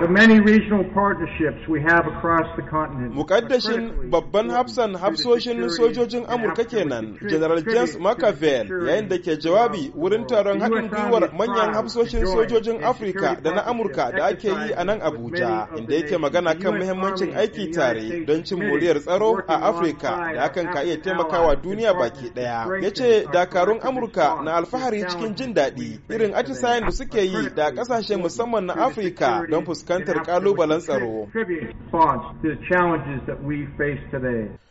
Mukaddashin babban hafsan hafsoshin sojojin Amurka kenan, General James McAvell yayin da ke jawabi wurin taron haɗin gwiwar manyan hafsoshin sojojin Afirka da na Amurka da ake yi a nan Abuja, inda yake magana kan muhimmancin aiki tare don cin moriyar tsaro a Afirka da hakan ka iya taimakawa duniya baki ɗaya. Ya ce dakarun Amurka na alfahari cikin jin daɗi irin atisayen da suke yi da ƙasashe musamman na Afirka don fuskantar fuskantar kalubalen tsaro.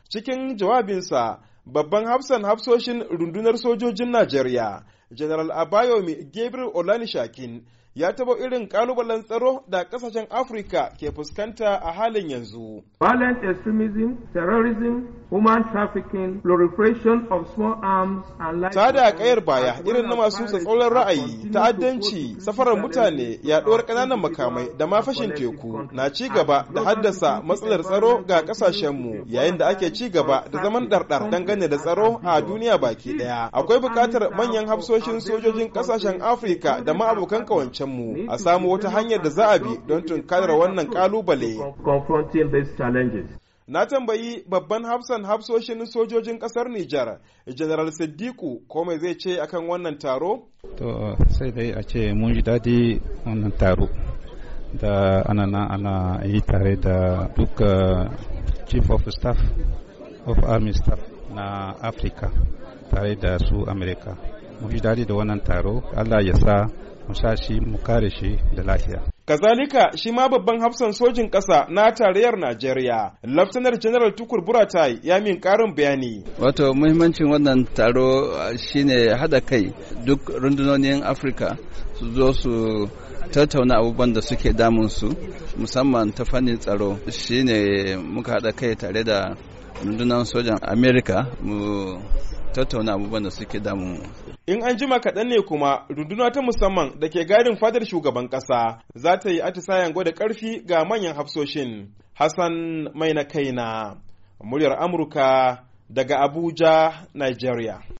Cikin jawabinsa, babban hafsan hafsoshin rundunar sojojin Najeriya, General Abayomi Gabriel Shakin, ya taɓa irin kalubalen tsaro da ƙasashen Afirka ke fuskanta a halin yanzu. Violent extremism, terrorism, human trafficking, proliferation of small arms and life. Tada kayar baya irin na masu tsatsauran ra'ayi, ta'addanci, safarar mutane, yaduwar ƙananan makamai da ma fashin teku na ci gaba da haddasa matsalar tsaro ga mu yayin da ake ci gaba da zaman ɗarɗar dangane da tsaro a duniya baki ɗaya. Akwai buƙatar manyan hafsoshin sojojin ƙasashen Afrika da ma abokan mu a samu wata hanyar da za a bi don tunkarar wannan ƙalubale. Na tambayi babban hafsan hafsoshin sojojin kasar Nijar, General Siddiku, ko mai zai ce akan wannan taro? To sai dai a ce mun ji daɗi wannan taro da ana na ana yi tare da duka eh, Chief of Staff of Army Staff na Africa tare da su Amerika. Mun ji daɗi da wannan taro, Allah ya sa mu sa shi mu kare shi da lafiya. Kazalika shi ma babban hafsan sojin ƙasa na tarayyar Najeriya, Laftanar General Tukur Buratai ya min ƙarin bayani. Wato muhimmancin wannan taro shine hada kai duk rundunonin Afirka su zo su tattauna abubuwan da suke damunsu musamman ta fannin tsaro shine muka hada kai tare da rundunar sojan Amerika mu tattauna abubuwan da suke damu. In an jima kaɗan ne kuma runduna ta musamman da ke gadin fadar shugaban ƙasa za ta yi atisayen gwada ƙarfi ga manyan hafsoshin. Hassan Mai na kaina, muryar Amurka daga Abuja, Nigeria.